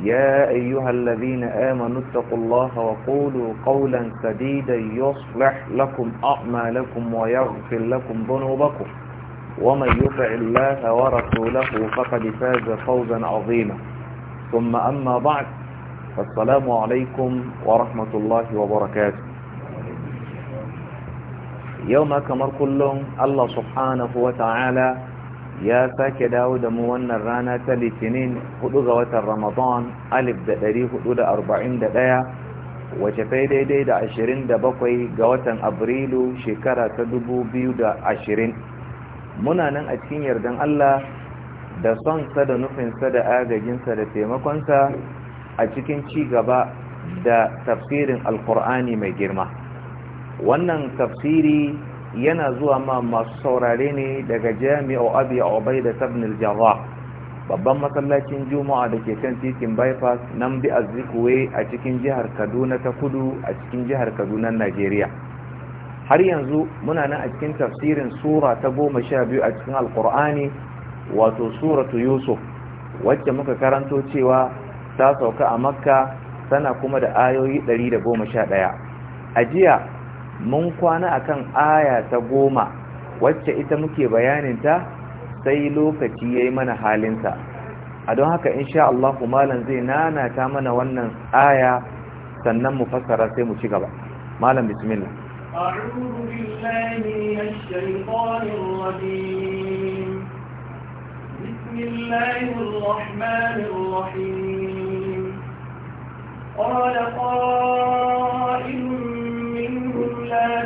يا أيها الذين آمنوا اتقوا الله وقولوا قولا سديدا يصلح لكم أعمالكم ويغفر لكم ذنوبكم ومن يطع الله ورسوله فقد فاز فوزا عظيما ثم أما بعد فالسلام عليكم ورحمة الله وبركاته يوم كمر كلهم الله سبحانه وتعالى ya sake dawo da mu wannan rana ta litinin 4 ga watan ramadan 1441 wace fai daidai da 27 ga watan abrilu shekara ta 2020 muna nan a cikin yardan allah da sonsa da nufinsa da agajinsa da taimakonsa a cikin ci gaba da tafsirin alkur'ani mai girma wannan tafsiri yana zuwa ma masu saurare ne daga jami'a abi obai da sabnil jarrah babban masallacin juma'a da ke kan titin bypass nan bi azikuwe a cikin jihar kaduna ta kudu a cikin jihar kaduna najeriya har yanzu muna nan a cikin tafsirin sura ta goma sha biyu a cikin alkur'ani wato suratu yusuf wacce muka karanto cewa ta sauka a makka tana kuma da ayoyi ɗari da sha ɗaya? a jiya mun kwana akan aya ta goma wacce ita muke bayaninta sai lokaci ya yi mana halinsa a don haka insha Allah malam zai nanata mana wannan aya sannan mu fassara sai mu ci gaba malam bismillah بسم الله الرحمن الرحيم قال قائل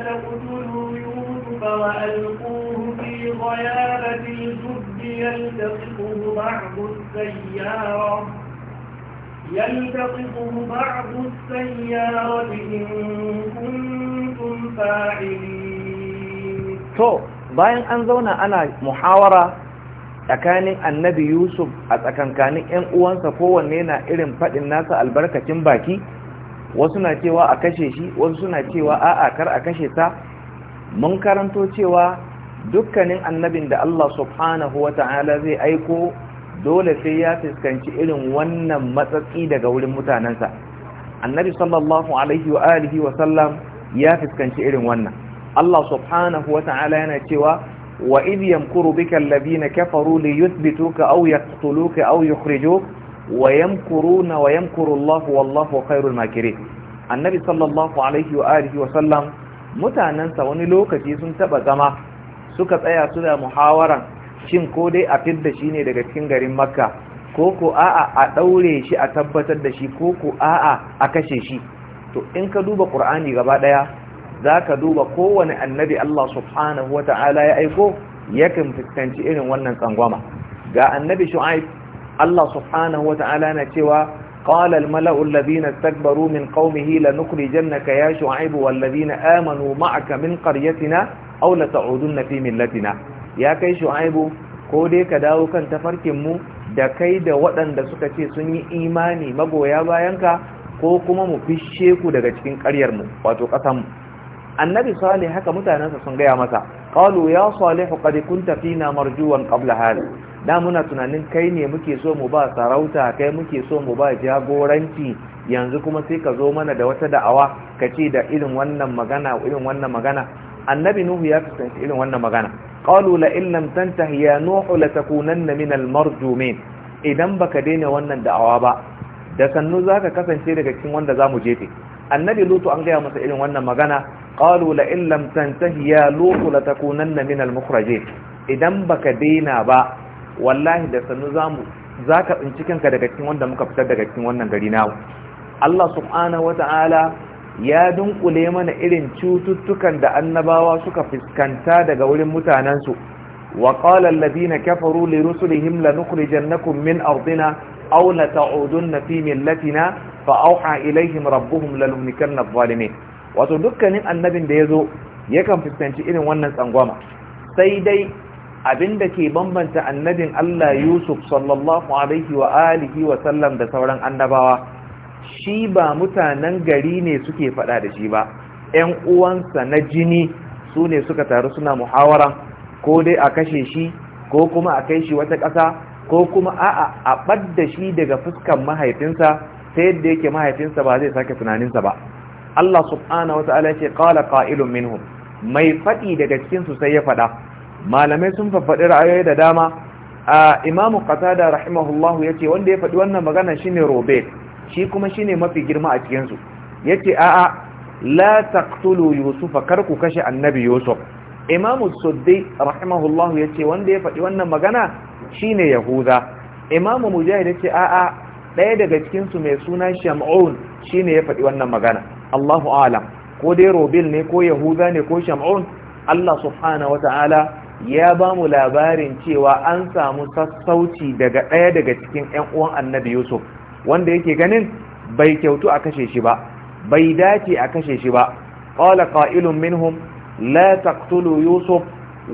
تقتلوا يوسف وألقوه في غيابة الجب يلتقطه بعض السيارة يلتقطه بعض السيارة إن كنتم فاعلين تو bayan an zauna ana muhawara tsakanin annabi yusuf a tsakankanin 'yan uwansa kowanne na irin faɗin nasa albarkacin baki wasu na cewa a kashe shi wasu suna cewa a'a kar a kashe ta mun karanto cewa dukkanin annabin da Allah subhanahu wa ta'ala zai aiko dole sai ya fuskanci irin wannan matsatsi daga wurin mutanensa annabi sallallahu alaihi wa alihi wa sallam ya fuskanci irin wannan Allah subhanahu wa ta'ala yana cewa wa idh yamkuru bika alladhina kafaru li yuthbituka aw yaqtuluka aw yukhrijuka wa yamkuruna wa yamkuru Allah wallahu khairul makirin annabi sallallahu alaihi wa alihi wa sallam mutanansa wani lokaci sun taba zama suka tsaya su da muhawaran shin ko dai a fidda shi ne daga cikin garin makka ko ko a'a a daure shi a tabbatar da shi ko ko a'a a kashe shi to in ka duba qur'ani gaba daya zaka duba kowane annabi Allah subhanahu wata'ala ya aiko yakan fitanci irin wannan tsangwama ga annabi shu'aib Allah subhanahu wata'ala na cewa qala al-mala'u alladhina istakbaru min qaumihi lanukhrijannaka ya shu'aibu walladhina amanu ma'aka min qaryatina aw la ta'udunna fi millatina ya kai shu'aibu ko dai ka dawo kan tafarkin mu da kai da waɗanda suka ce sun yi imani magoya bayanka ko kuma mu fishe ku daga cikin ƙaryar mu wato ƙasar mu annabi salih haka mutanansa sun gaya masa qalu ya salih qad kunta fina marjuwan qabla hada da muna tunanin kai ne muke so mu ba sarauta kai muke so mu ba jagoranci yanzu kuma sai ka zo mana da wata da'awa ka ce da irin wannan magana irin wannan magana annabi nuhu ya fuskanci irin wannan magana qalu la in lam tantahi ya nuhu la takunanna min al marjumin idan baka daina wannan da'awa ba da sannu zaka kasance daga cikin wanda zamu jefe annabi lutu an gaya masa irin wannan magana qalu la in lam tantahi ya lutu la takunanna min al mukhrajin idan baka daina ba wallahi da sannu zamu ka tsinci kanka daga cikin wanda muka fitar daga cikin wannan gari nawo Allah subhanahu wata'ala ya dunkule mana irin cututtukan da annabawa suka fuskanta daga wurin mutanensu wa qala alladhina kafaru li rusulihim lanukhrijannakum min ardina aw lata'udunna fi millatina fa awha ilaihim rabbuhum lalumnikanna adh-dhalimin wato dukkanin annabin da yazo yakan fuskanci irin wannan tsangwama sai dai Abin da ke bambanta annabin Allah Yusuf sallallahu alaihi wa alihi wa sallam da sauran annabawa shi ba mutanen gari ne suke faɗa da shi ba ‘yan uwansa na jini su ne suka taru suna muhawara ko dai a kashe shi ko kuma a kai shi wata ƙasa ko kuma a'a a ɓadda shi daga fuskan mahaifinsa ta yadda yake mahaifinsa ba zai sake tunaninsa ba Allah subhanahu wa ta'ala ce qala qa'ilun minhum mai faɗi daga cikin su sai ya faɗa malamai sun faɗi ra'ayoyi da dama a imamu qatada rahimahullahu yace wanda ya faɗi wannan magana shine robert shi kuma shine mafi girma a cikin su yace a'a la taqtulu yusufa kar ku kashe annabi yusuf imamu suddi rahimahullahu yace wanda ya faɗi wannan magana shine yahuda imamu mujahid yace a'a ɗaya daga cikin su mai suna sham'un shine ya faɗi wannan magana Allahu a'lam ko dai robel ne ko yahuda ne ko sham'un Allah subhanahu ta'ala. ya ba mu labarin cewa an samu sassauci daga ɗaya daga cikin 'yan uwan annabi yusuf wanda yake ganin bai kyautu a kashe shi ba bai dace a kashe shi ba qala qa'ilun minhum la taqtulu yusuf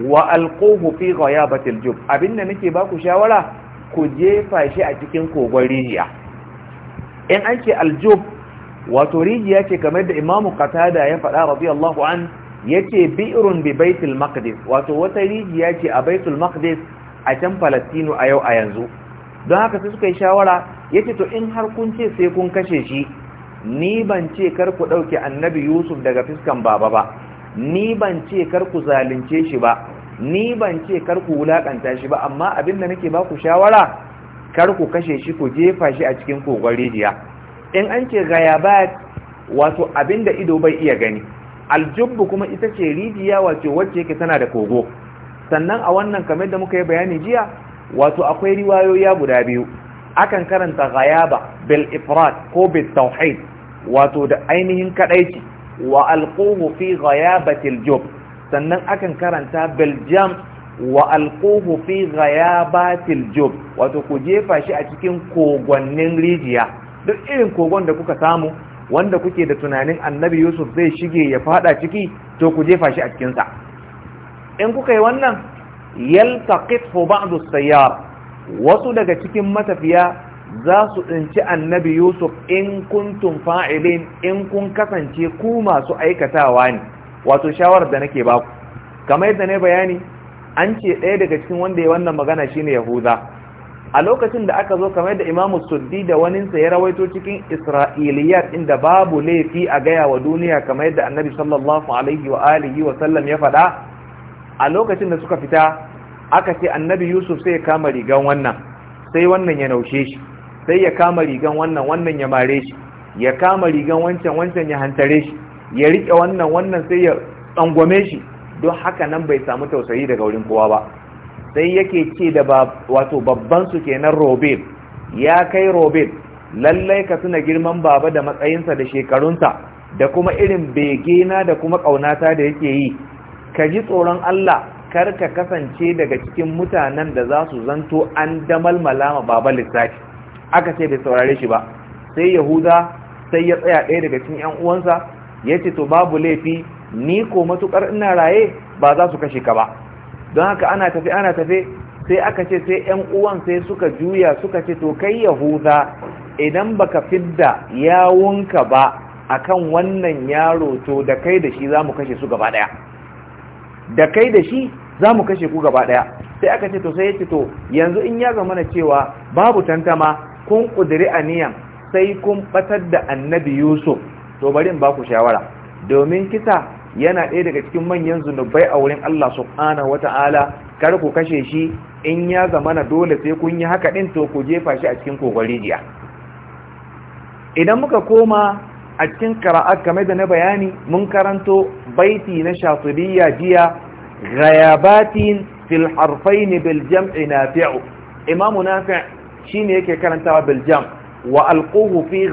wa alquhu fi Jub. Abin abinda nake ba ku shawara ku jefa shi a cikin kogon rijiya in an ce aljub wato rijiya ce kamar da imamu qatada ya faɗa radiyallahu an yace bi'run bi baitul maqdis wato wata rijiya ce a baitul maqdis a can palestino a yau a yanzu don haka sai suka yi shawara yace to in har kun ce sai kun kashe shi ni ban ce kar ku dauke annabi yusuf daga fiskan baba ba ni ban ce kar ku zalunce shi ba ni ban ce kar ku wulakanta shi ba amma abin da nake baku shawara kar ku kashe shi ku jefa shi a cikin kogon rijiya in an ce gayabat wato abin da ido bai iya gani aljubbu kuma ita ce rijiya wace wacce yake tana da kogo sannan a wannan kamar da muka yi bayani jiya wato akwai riwayoyi guda biyu akan karanta ghayaba bil ifrat ko bil tauhid wato da ainihin kadaici wa alquhu fi ghayabati aljub sannan akan karanta bil jam wa alquhu fi ghayabati aljub wato ku jefa shi a cikin kogonnin rijiya duk irin kogon da kuka samu wanda kuke da tunanin annabi yusuf zai shige ya fada ciki to ku jefa shi a cikinsa in kuka yi wannan yaltaqithu ba'd as-sayyar wasu daga cikin matafiya za su tsinci annabi yusuf in kuntum fa'ilin in kun kasance ku masu aikatawa ne wato shawarar da nake baku kamar yadda ne bayani an ce ɗaya daga cikin wanda ya wannan magana shine yahuza a lokacin da aka zo kamar da imamu suddi da waninsa ya rawaito cikin isra'iliyat inda babu laifi a gaya wa duniya kamar yadda annabi sallallahu alaihi wa alihi wa sallam ya faɗa a lokacin da suka fita aka ce annabi yusuf sai ya kama rigan wannan sai wannan ya naushe shi sai ya kama rigan wannan wannan ya mare shi ya kama rigan wancan wancan ya hantare shi ya riƙe wannan wannan sai ya tsangwame shi don haka nan bai samu tausayi daga wurin kowa ba sai yake ce da wato babban su kenan robin ya kai robin lallai ka tuna girman baba da matsayinsa da shekarunsa da kuma irin begena da kuma ƙaunata da yake yi ka ji tsoron Allah kar ka kasance daga cikin mutanen da za su zanto an damal malama baba lissafi aka ce bai saurare shi ba sai yahuda sai ya tsaya ɗaya daga cikin yan uwansa ya ce to babu laifi ni ko matukar ina raye ba za su kashe ka ba don haka ana tafi ana tafi sai aka ce sai ‘yan uwan sai suka juya suka ce to kai yahuda idan baka fidda yawunka ba akan wannan yaro to da kai da shi za kashe su gaba ɗaya da kai da shi za kashe ku gaba ɗaya sai aka ce to sai ya ce to yanzu in ya ga mana cewa babu tantama kun ƙudiri aniyan sai kun ɓatar da annabi yusuf to bari in ba ku shawara domin kisa yana ɗaya daga cikin manyan zunubai a wurin Allah subhanahu wata'ala kar ku kashe shi in ya zama na dole sai kun yi haka ɗin to ku jefa shi a cikin kogon rijiya idan muka koma a cikin kara'ar game da na bayani mun karanto baiti na shafiriyya jiya ghayabatin fil harfain bil ina fi'u. imamu shine yake karantawa bil wa alquhu fi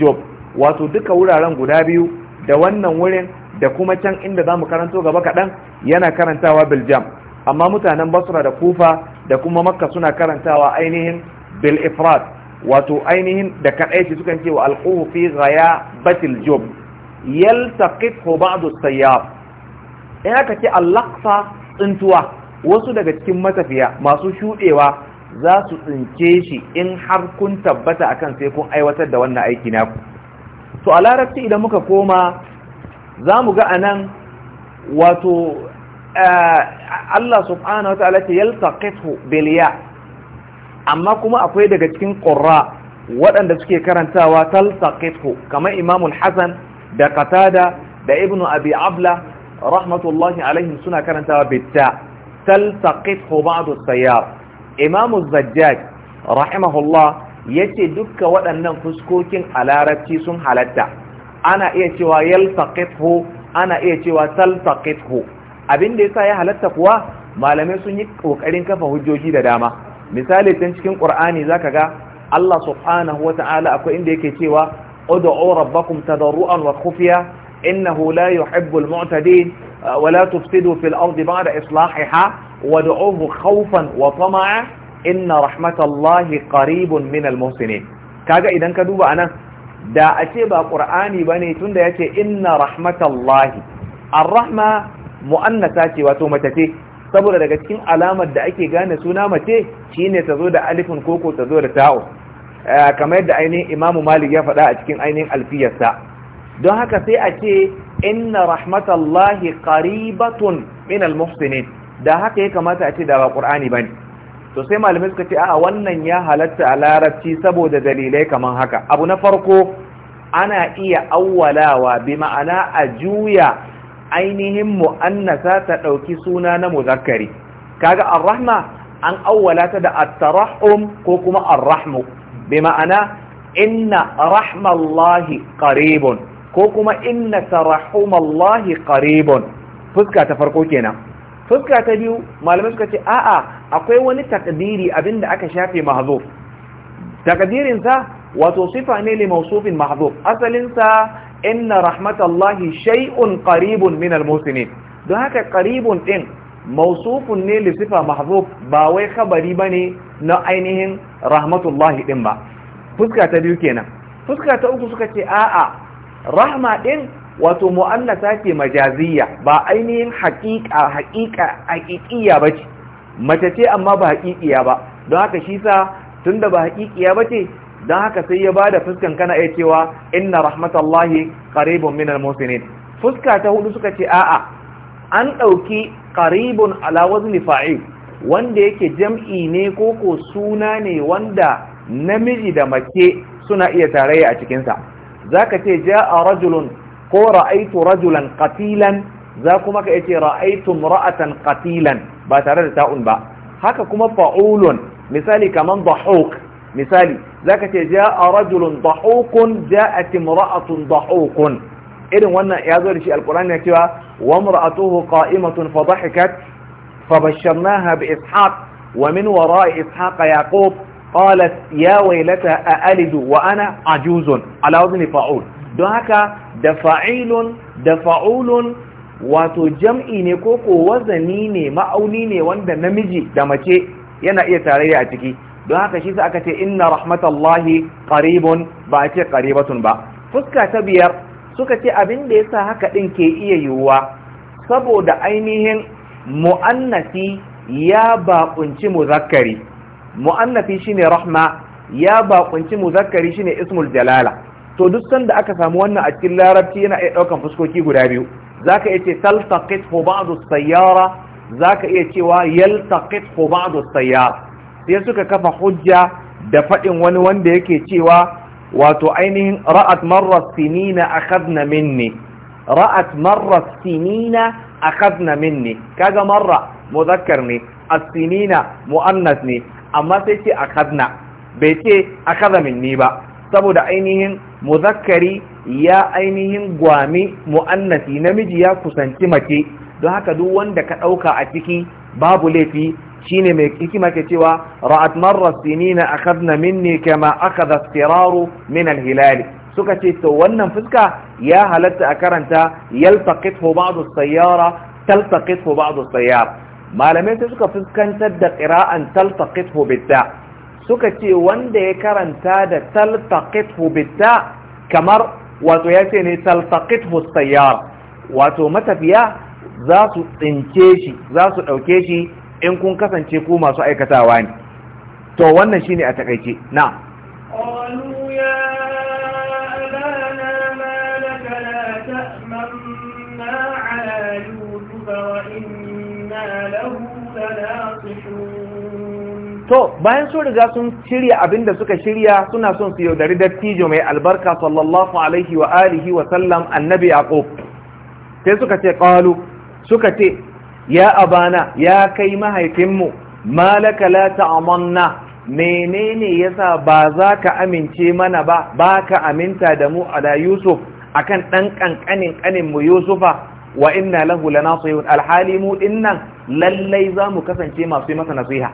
job wato duka wuraren guda biyu da wannan wurin da kuma can inda za mu karanto gaba kaɗan yana karantawa biljam amma mutanen basra da kufa da kuma makka suna karantawa ainihin bil ifrat wato ainihin da kaɗaici sukan ce wa alƙuhu fi ghaya batil job yaltaqithu ba'du sayyab in aka ce allaqsa tsintuwa wasu daga cikin matafiya masu shudewa za su tsince shi in har kun tabbata akan sai kun aiwatar da wannan aiki naku to a larabci idan muka koma za mu ga anan wato eh, Allah subhanahu wa ta'ala ce yaltaqithu biliya amma kuma akwai daga cikin qurra waɗanda suke karantawa taltaqithu kamar imamul hassan da katada da Ibn Abi Abla rahmatullahi alaihim suna karantawa bitta taltaqithu ba'd as-sayyar Imam zajjaj rahimahullah yace dukka waɗannan fuskokin a larabci sun halatta ana iya cewa yalfaqithu ana iya cewa talfaqithu abinda da yasa ya halatta kuwa malamai sun yi ƙoƙarin kafa hujjoji da dama misali tun cikin qur'ani zaka ga Allah subhanahu wata'ala akwai inda yake cewa ud'u rabbakum tadarruan wa khufiya innahu la yuhibbul mu'tadin wa la tufsidu fil ardi ba'da islahiha wad'uhu khawfan wa tama'a inna rahmatallahi qaribun minal ka kaga idan ka duba anan da a ce ba qur'ani bane tunda yace inna rahmatallahi ar-rahma mu'annata ce wato mace ce saboda daga cikin alamar da ake gane suna mace shine ta zo da alifin koko ta zo da ta'o eh, kamar yadda ainihin imamu malik ya faɗa a cikin ainihin alfiyarsa don haka sai a ce inna rahmatallahi qaribatun min al da haka ya kamata a ce da ba qur'ani bane to sai malamai suka ce a wannan ya halatta a larabci saboda dalilai kamar haka abu na farko ana iya auwalawa bi ma'ana a juya ainihin mu'annasa ta ɗauki suna na muzakkari kaga ar an auwala ta da at ko kuma ar bi ma'ana inna rahmallahi qaribun ko kuma inna tarahumallahi qaribun fuska ta farko kenan fuska ta biyu malamai suka ce a'a akwai wani takdiri abinda aka shafe mahzuf takdirin sa wato sifa ne li mawsufin mahzuf asalin sa inna rahmatallahi shay'un qaribun min almusinin don haka qaribun din mawsufun ne li sifa mahzuf ba wai khabari bane na ainihin rahmatullahi din ba fuska ta biyu kenan fuska ta uku suka ce a'a rahma din wato mu'annata ce majaziyya ba ainihin haƙiƙa haƙiƙa haƙiƙiya bace mace ce amma ba haƙiƙiya ba don haka shi sa tun da ba haƙiƙiya ba ce don haka sai ya ba da fuskan kana iya cewa inna rahmatallahi qaribun min almusinin fuska ta hudu suka ce a'a an ɗauki qaribun ala wazni fa'il wanda yake jam'i ne ko ko suna ne wanda namiji da mace suna iya tarayya a cikinsa zaka ce a rajulun ko ra'aitu rajulan qatilan za kuma ka yace ra'aytum ra'atan qatilan ba tare da ta'un ba haka kuma fa'ulun misali kaman dhahuk misali zaka ce ja'a rajulun dhahukun ja'at imra'atun dhahukun irin wannan ya zo da shi alqur'ani ya cewa wa imra'atuhu qa'imatun fa dhahikat fa basharnaha bi ishaq wa min wara'i ishaq yaqub qalat ya waylata a'alidu wa ana ajuzun ala wazni fa'ul don haka da fa'ilun da fa'ulun wato jam'i ne ko ko wazani ne ma'auni ne wanda namiji da mace yana iya tarayya a ciki don haka shi sa aka ce inna rahmatallahi qaribun ba a ce qaribatun ba fuska ta biyar suka ce abin da yasa haka din ke iya yiwuwa saboda ainihin mu'annasi ya baƙunci muzakkari mu'annafi shine rahma ya baƙunci muzakkari shine ismul jalala to duk sanda aka samu wannan a cikin larabci yana iya ɗaukan fuskoki guda biyu zaka iya ce taltaqithu ba'd as-sayyara zaka iya cewa yaltaqithu ba'd as-sayyara sai suka kafa hujja da fadin wani wanda yake cewa wato ainihin ra'at marra sinina akhadna minni ra'at marra sinina akhadna minni kaga marra muzakkar ne as-sinina muannas ne amma sai ce akhadna bai ce akhadha minni ba saboda ainihin muzakkari ya ainihin gwami mu'annasi namiji ya kusanci mace don haka duk wanda ka ɗauka a ciki babu laifi shine mai hikima ke cewa ra'at marra sinina akhadna minni kama akhadha istiraru min al-hilal suka ce to wannan fuska ya halatta a karanta yaltaqithu ba'd as-sayyara taltaqithu ba'd as-sayyar malamai sai suka fuskantar da qira'an taltaqithu bitta suka ce wanda ya karanta da taltaqithu bitta kamar wato ya ce ne talfaqithu hussayar wato matafiya za su tsince shi za su ɗauke shi in kun kasance ku masu aikatawa ne to wannan shine a takaice na. to bayan sun riga sun shirya abin da suka shirya suna son su yaudari dattijo mai albarka sallallahu alaihi wa alihi wa sallam annabi yaqub sai suka ce qalu suka ce ya abana ya kai mahaifinmu malaka la ta'amanna menene yasa ba za ka amince mana ba ba ka aminta da mu ala yusuf akan ɗan ƙanƙanin ƙanin mu yusufa wa inna lahu lanasihun alhali mu dinnan lallai za mu kasance masu yi masa nasiha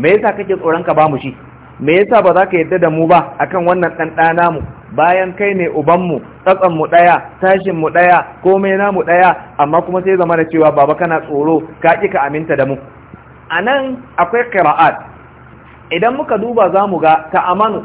me yasa kake tsoron ka bamu shi me yasa ba za ka yadda da mu ba akan wannan dan dana mu bayan kai ne uban mu tsatsan mu daya tashin mu daya komai na mu daya amma kuma sai zama da cewa baba kana tsoro ka ki ka aminta da mu anan akwai qira'at idan muka duba za mu ga amanu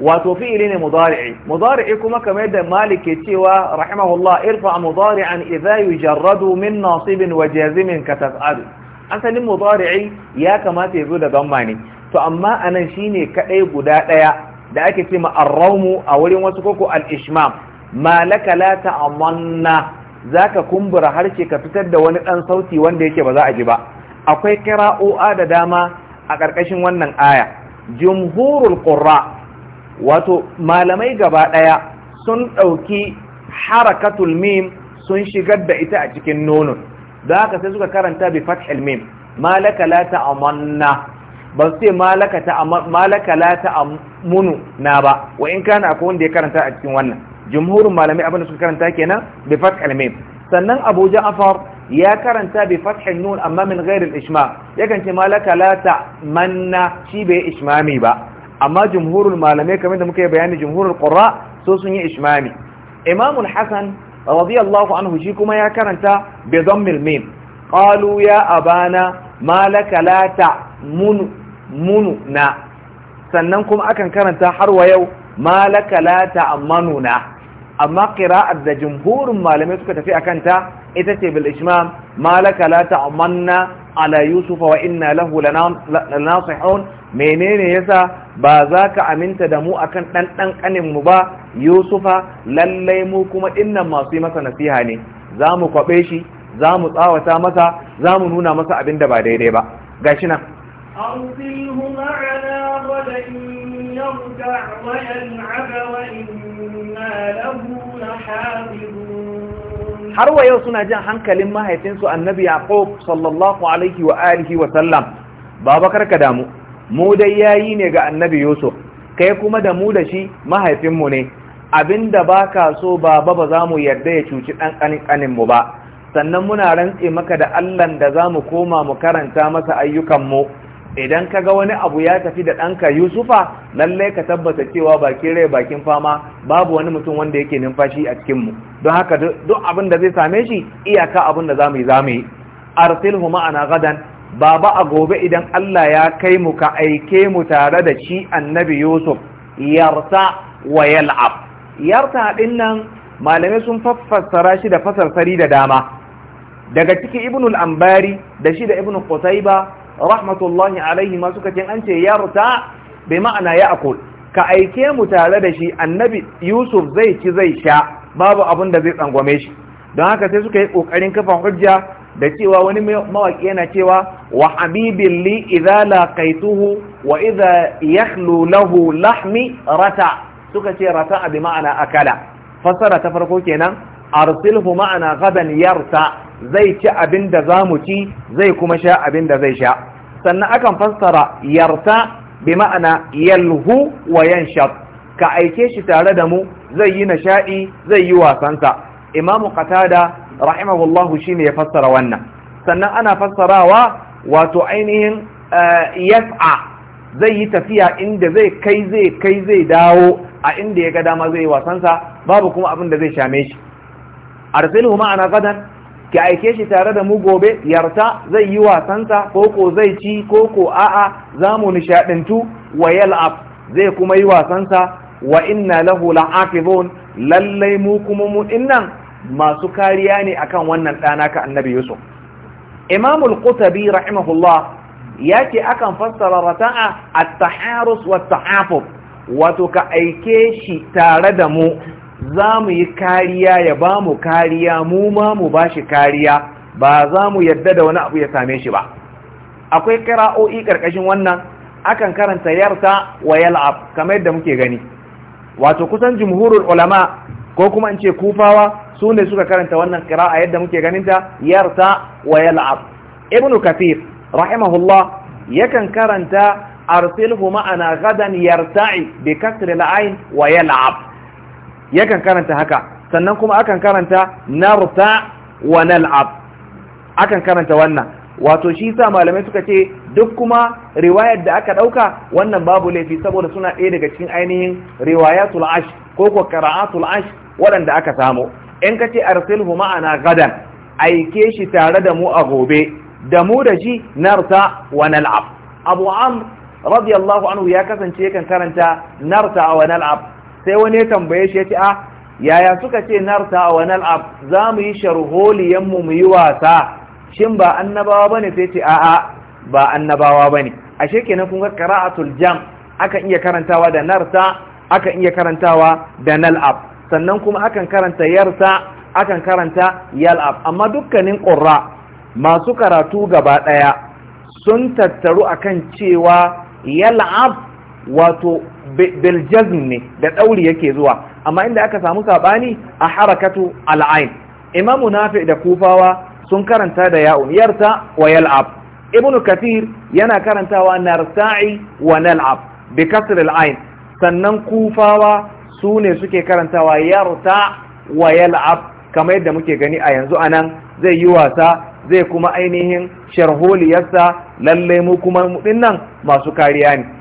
wato fi'ili ne mudari'i mudari'i kuma kamar yadda malik ke cewa rahimahullah irfa mudari'an idza yujarradu min nasibin wa jazimin ka tas'adu asalin mudari'i ya kamata ya zo da gamma ne to amma anan shine kadai guda daya da ake ce ma arraumu a wurin wasu koko al-ishmam malaka la ta'amanna zaka kumbura harshe ka fitar da wani dan sauti wanda yake ba za a ji ba akwai qira'o'a da dama a karkashin wannan aya jumhurul qurra wato malamai gaba daya sun dauki harakatul mim sun shigar da ita a cikin nonun da haka sai suka karanta bi fathil mim malaka la ta'amanna ba su ce malaka malaka la ta'amunu na ba wa in kana akwai wanda ya karanta a cikin wannan jumhurin malamai abin suka karanta kenan bi fathil mim sannan Abu Ja'far ya karanta bi fathil nun amma min ghairi al-ishma yakan ce malaka la ta'manna shi bai ishmami ba amma jumhurul malamai kamar da muka yi bayani jumhurul qurra so sun yi ishmami imamul hasan radiyallahu anhu shi kuma ya karanta bi dhammil mim qalu ya abana sannan kuma akan karanta har wa yau malaka la ta amanu na da jumhurin malamai suka tafi akan ta ita ce bil ala yusufa wa inna lahu lanasihun menene yasa ba za ka aminta da mu akan dan dan kanin mu ba yusufa lallai mu kuma dinnan masu yi masa nasiha ne za mu kwabe shi za mu tsawata masa za mu nuna masa abin da ba daidai ba gashi nan يرجع ويلعب وإنا له لحافظون har wa yau suna jin hankalin mahaifinsu annabi yaqub sallallahu alaihi wa alihi wa sallam babakar ka damu mu dai yayi ne ga annabi yusuf kai kuma da mu da shi mahaifinmu ne abinda baka so baba ba za mu yarda ya cuci dan kanin mu ba sannan muna rantse maka da allan da za mu koma mu karanta masa ayyukanmu idan ka ga wani abu ya tafi da ɗanka yusufa lallai ka tabbata cewa bakin rai bakin fama babu wani mutum wanda yake numfashi a cikinmu don haka duk abin da zai same shi iyaka abin da za mu yi za mu yi arsilhu ma'ana gadan baba a gobe idan allah ya kai mu ka aike mu tare da shi annabi yusuf yarta wa yal'ab yarta din nan malamai sun fassara shi da fasarsari da dama daga ciki ibnul ambari da shi da ibnu qutaiba rahmatullahi alaihi ma suka ce an ce yarta bai ma'ana ya akul ka aike mu tare da shi annabi yusuf zai ci zai sha babu abin da zai tsangwame shi don haka sai suka yi kokarin kafa hujja da cewa wani mawaki yana cewa wa habibin li idza laqaituhu wa idza yakhlu lahu lahmi rata suka ce rata bi ma'ana akala fasara ta farko kenan arsilhu ma'ana gadan yarta zai ci abin da za mu ci zai kuma sha abin da zai sha sannan akan fassara yarta bi ma'ana yalhu wa yanshab ka aike shi tare da mu zai yi nishaɗi zai yi wasansa imamu qatada rahimahullahu shine ya fassara wannan sannan ana fassarawa wato ainihin eh, yas'a zai yi tafiya inda zai kai zai kai zai dawo a inda ya ga dama zai yi wasansa babu kuma abin da zai shame shi arsilhu ma'ana gadan ki aike shi tare da mu gobe yarta zai yi wasansa koko zai ci koko a'a za mu nishaɗantu wa yal'ab zai kuma yi wasansa wa inna lahu la'afizun lallai mu kuma mu dinnan masu kariya ne akan wannan ɗana ka annabi yusuf imam al-qutabi rahimahullah yake akan fassara rata'a at-taharus wat-ta'afuf wato ka aike shi tare da mu za mu yi kariya ya ba mu kariya mu ma mu ba shi kariya ba za mu yadda da wani abu ya same shi ba akwai kira'o'i ƙarƙashin wannan akan karanta yarta wa yal'ab kamar yadda muke gani wato kusan jumhurul ulama ko kuma in ce kufawa su ne suka karanta wannan kira'a yadda muke ganinta yarta wa yal'ab ibnu kathir rahimahullah yakan karanta arsilhu ma'ana gadan yarta'i bi kasri ain wa yal'ab yakan karanta haka sannan kuma akan karanta narta wa nal'ab akan karanta wannan wato shi sa malamai suka ce duk kuma riwayar da aka dauka wannan babu laifi saboda suna ɗaya daga cikin ainihin riwayatul ash ko ko qira'atul ash waɗanda aka samu in ka ce arsilhu ma'ana gadan aike shi tare da mu a gobe da mu da shi narta wa nal'ab abu am radiyallahu anhu ya kasance yakan karanta narta wa nal'ab sai wani ya tambaye shi ya ce a, ah, yaya suka ce narta wa nal'ab za mu yi sharholiyanmu mu yi wasa shin ba annabawa ne sai ce a'a ba annabawa bane ashe kenan kun ga qira'atul jam akan iya karantawa da narta akan iya karantawa da nal'ab sannan kuma akan karanta yarsa akan karanta yal'ab amma dukkanin ƙurra masu karatu gaba ɗaya, sun tattaru akan cewa yal'ab wato biljazm ne da ɗauri yake zuwa amma inda aka samu saɓani a harakatu al'ain imamu nafi da kufawa sun karanta da ya'un yarta wa yal'ab ibnu kafir yana karantawa narta'i wa nal'ab bi kasr al'ain sannan kufawa su ne suke karantawa yarta wa yal'ab kamar yadda muke gani a yanzu anan zai yi wasa zai kuma ainihin sharholiyarsa lalle mu kuma mu dinnan masu kariya ne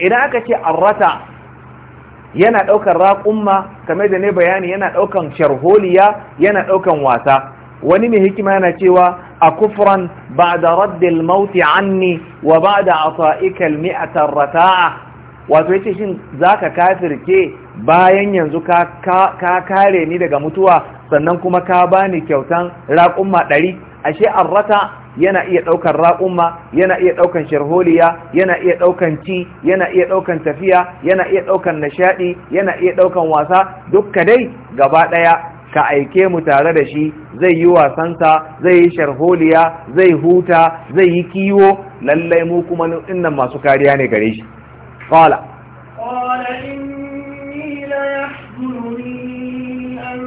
idan aka ce arrata yana ɗaukan raƙumma kamar da ne bayani yana ɗaukan sharholiya yana ɗaukan wasa wani mai hikima yana cewa a kufran ba da raddil mauti anni wa ba da asa'ikal mi'atar rata'a wato yace shin zaka kafirke bayan yanzu ka kare ni daga mutuwa sannan kuma ka bani kyautan raƙumma ɗari ashe arrata yana iya ɗaukan raƙumma yana iya ɗaukan sharholiya yana iya ɗaukan ci yana iya ɗaukan tafiya yana iya ɗaukan nishaɗi yana iya ɗaukan wasa dukka dai gaba ɗaya ka aike mu tare da shi zai yi wasansa zai yi sharholiya zai huta zai yi kiwo lallai mu kuma nan masu kariya ne gare shi qala qala inni la yahzununi an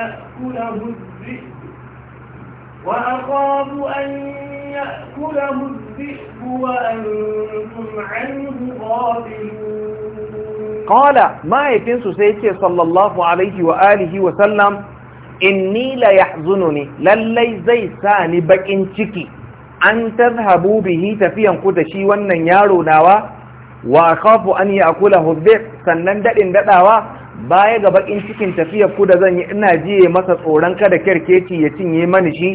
يأكله الذئب وأخاف أن يأكله الذئب وأنتم عنه غافلون قال ما يتم سيدي صلى الله عليه وآله وسلم إني ليحزنني للي زي ساني بكنشكي أن تذهبوا به تفيا قدشي وأن ينالوا نوا وأخاف أن يأكله الذئب سنن دل دل baya ga bakin cikin tafiyar ku da zan yi ina jiye masa tsoron kada kerkeci ya cinye mani shi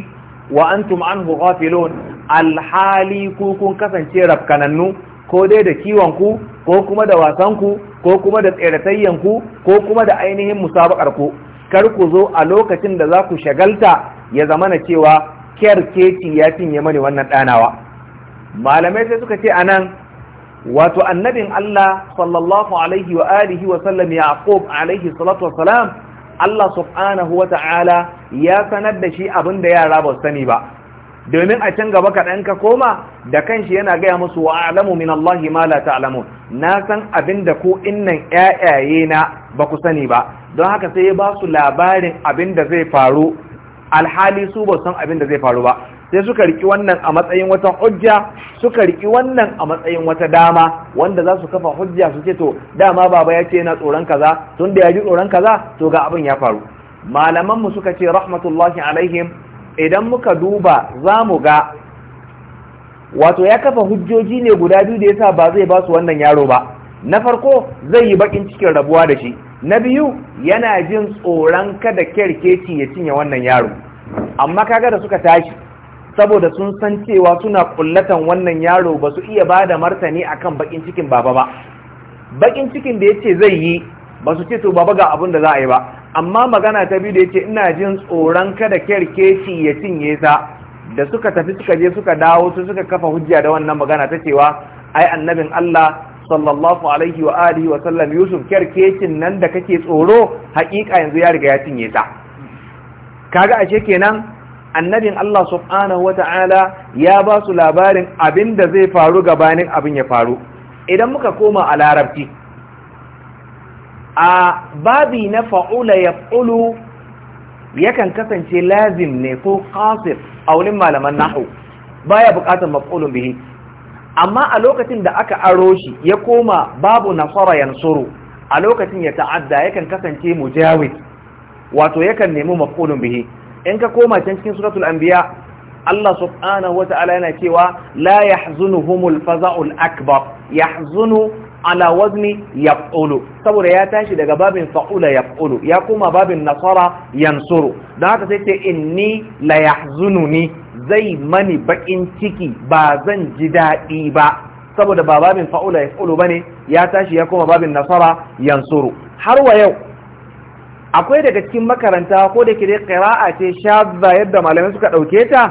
wa antum anhu ghafilun alhali ku kun kasance rafkanannu ko dai da kiwon ku ko kuma da wasan ku ko kuma da tseratayyan ku ko kuma da ainihin musabakar ku kar ku zo a lokacin da za ku shagalta ya zamana cewa kerkeci ya cinye mani wannan ɗanawa. malamai sai suka ce a nan. wato annabin Allah sallallahu alaihi wa alihi wa sallam Yaqub alaihi salatu wa salam Allah subhanahu wa ya sanar da shi abin da yara ba sani ba domin a can gaba kaɗan ka koma da kanshi yana gaya musu wa alamu min Allah ma la ta'lamu na san abin da ku innan ƴaƴaye na ba ku sani ba don haka sai ya ba su labarin abin da zai faru alhali su ba san abin da zai faru ba sai suka riki wannan a matsayin wata hujja suka riki wannan a matsayin wata dama wanda za su kafa hujja su ce to dama baba ya ce yana tsoron kaza tun da ya ji tsoron kaza to ga abin ya faru malaman mu suka ce rahmatullahi alaihim idan muka duba za mu ga wato ya kafa hujjoji ne guda biyu da yasa ba zai ba su wannan yaro ba na farko zai yi bakin cikin rabuwa da shi na biyu yana jin tsoron kada kyarkeci ya cinye wannan yaro amma kaga da suka tashi saboda sun san cewa suna kullatan wannan yaro ba su iya ba da martani akan bakin cikin baba ba bakin cikin da ya ce zai yi ba su ce to baba ga abin da za a yi ba amma magana ta biyu da ya ce ina jin tsoron kada kerkeci ya cinye ta da suka tafi suka je suka dawo su suka kafa hujja da wannan magana ta cewa ai annabin Allah sallallahu alaihi wa alihi wa sallam Yusuf kerkecin nan da kake tsoro hakika yanzu ya riga ya cinye ta kaga ashe kenan annabin Allah subhanahu wata'ala ya ba su labarin abin da zai faru gabanin abin ya faru idan muka koma a larabci a babi na fa'ula ya ƙulu yakan kasance lazim ne ko ƙasir a wurin malaman nahu baya buƙatar maf'ulun bihi amma a lokacin da aka aro shi ya koma babu nasara yansuru a lokacin ya ta'adda yakan kasance mujawid wato yakan nemi maf'ulun bihi in ka koma can cikin suratul anbiya Allah subhanahu wata'ala yana cewa la yahzunuhumul faza'ul akbar yahzunu ala wazni yaf'ulu saboda ya tashi daga babin fa'ula yaf'ulu ya koma babin nasara yansuru don haka sai ce inni la yahzununi zai mani bakin ciki ba zan ji daɗi ba saboda ba babin fa'ula yaf'ulu bane ya tashi ya koma babin nasara yansuru har wa yau akwai daga cikin makaranta ko da ke dai qira'a ce shadda yadda malamai suka dauke ta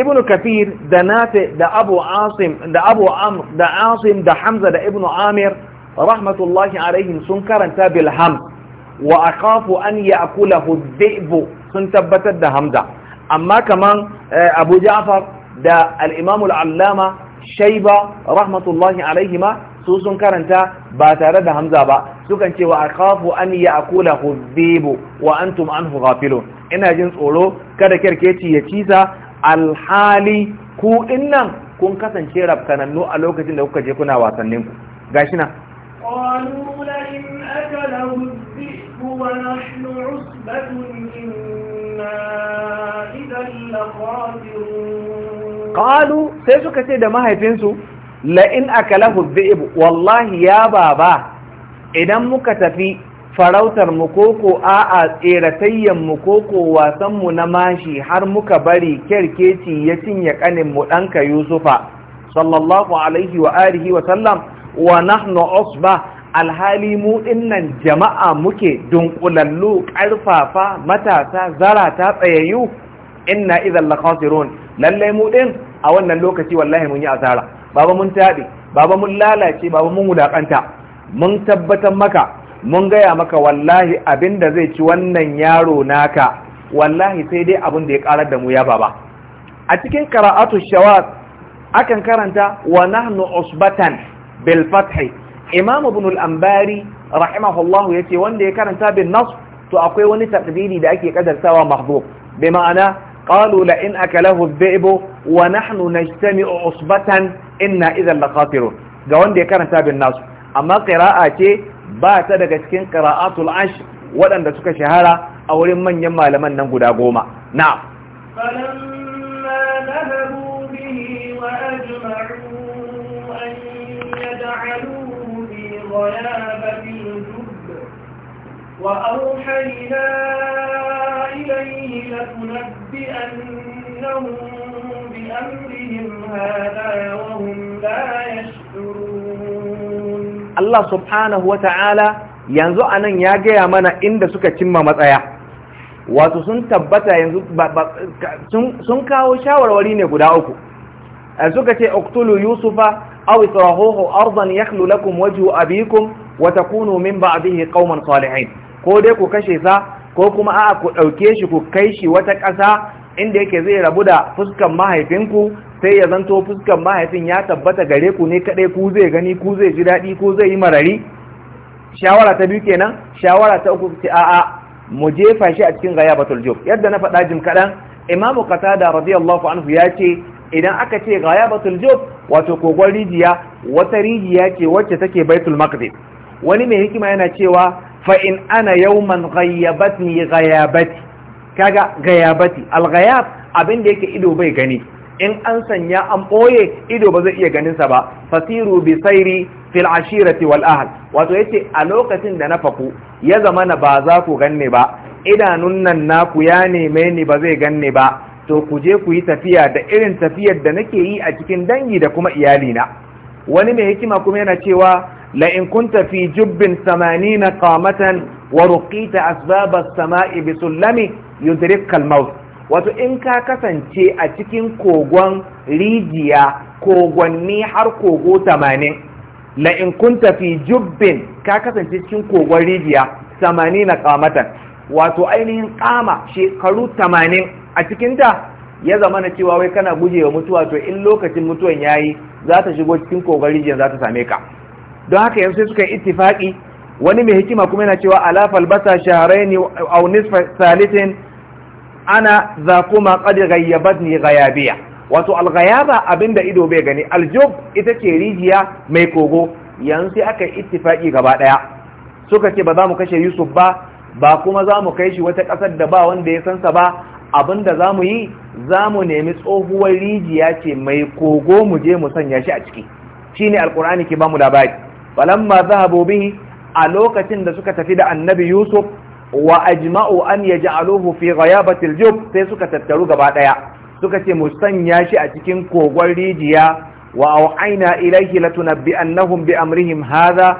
ibnu kafir da nafi da abu asim da abu amr da asim da hamza da ibnu amir rahmatullahi alaihim sun karanta Bilham wa wa akhafu an ya'kulahu dhi'bu sun tabbatar da hamza amma kaman eh, abu ja'far da al imamul allama Shaiba rahmatullahi alaihima su sun karanta ba tare da hamza ba sukan ce wa akhafu an ya'kula hudhibu wa antum anhu ghafilun ina jin tsoro kada kirkeci ya cisa alhali ku nan kun kasance rafkanannu a lokacin da kuka je kuna wasannin ku gashi na sai suka ce da mahaifinsu la'in akalahu dhi'b wallahi ya baba idan muka tafi farautar mu koko a'a tseratayyan mu koko wasan mu na mashi har muka bari kerkeci ya cinye kanin mu danka yusufa sallallahu alaihi wa alihi wa sallam wa nahnu usba alhali mu dinnan jama'a muke dunkulallu karfafa matasa zara ta tsayayyu inna idan la khasirun lalle mu din a wannan lokaci wallahi mun yi asara baba mun taɗe baba mun lalace baba mun wulaƙanta mun tabbatar maka mun gaya maka wallahi abin da zai ci wannan yaro naka wallahi sai dai abin da ya ƙarar da mu ya baba a cikin kar'atu shawar akan karanta wa nahnu usbatan bil fathi imam ibn al-anbari rahimahullah yace wanda ya karanta bin nas to akwai wani takdiri da ake kadartawa mahdhuf bi ma'ana قالوا لئن أكله الذئب ونحن نجتمع عصبة إنا إذا لخاطرون ga wanda ya karanta bin amma qira'a ce ba ta daga cikin qira'atul ashr waɗanda suka shahara a wurin manyan malaman nan guda goma na'am وأوحينا إليه لتنبئنهم بأمرهم هذا وهم لا يشكرون الله سبحانه وتعالى yanzu anan ya gaya mana inda suka cimma matsaya wato sun tabbata yanzu sun kawo shawarwari ne guda uku suka ce uktulu yusufa aw itrahuhu ardan yakhlu lakum wajhu abikum wa takunu min ba'dihi qauman salihin ko dai ku kashe sa ko kuma a'a ku ɗauke shi ku kai shi wata ƙasa inda yake zai rabu da fuskan mahaifinku sai ya zanto fuskan mahaifin ya tabbata gare ku ne kaɗai ku zai gani ku zai ji daɗi ku zai yi marari shawara ta biyu kenan shawara ta uku ce a'a mu jefa shi a cikin gaya batul jub yadda na faɗa jim kaɗan imamu qatada radiyallahu anhu ya ce idan aka ce gaya batul jub wato kogon rijiya wata rijiya ce wacce take baitul maqdis wani mai hikima yana cewa fa in ana yawman ghayyabatni ghayyabati kaga al abin da yake ido bai gani in an sanya an ɓoye ido ba zai iya ganin ba fasiru bi sairi fil ashirati wal ahl wato yace a lokacin da na faku ya na ba za ku ganne ba idanun nan naku ya neme ni ba zai ganne ba to ku je ku yi tafiya da irin tafiyar da nake yi a cikin dangi da kuma iyalina wani mai hikima kuma yana cewa لئن كنت في جب ثمانين قامة ورقيت أسباب السماء بسلم يدركك الموت wato in ka kasance a cikin kogon rijiya kogonni har kogo tamanin la in kunta fi jubbin ka kasance cikin kogon rijiya samani na kamatan wato ainihin kama shekaru tamanin a cikinta ya zama na cewa wai kana wa mutuwa to in lokacin mutuwan yayi za ta shigo cikin kogon rijiya za ta same ka don haka yanzu suka yi ittifaqi wani mai hikima kuma yana cewa ala falbasa shahrayn aw nisfa thalithin ana za kuma qad ghayyabatni ghayabiya wato alghayaba abinda ido bai gani aljub ita ce rijiya mai kogo yanzu sai aka yi ittifaqi gaba daya suka ce ba za mu kashe Yusuf ba ba kuma za mu kai shi wata ƙasar da ba wanda ya sansa ba abinda za mu yi za mu nemi tsohuwar rijiya ce mai kogo mu je mu sanya shi a ciki shine alkur'ani ke ba mu labari falamma zahabu bihi a lokacin da suka tafi da annabi yusuf wa ajma'u an yaj'aluhu fi ghayabati al sai suka tattaru gaba daya suka ce mu sanya shi a cikin kogon rijiya wa au'aina ilaihi latunabbi'annahum bi amrihim hadha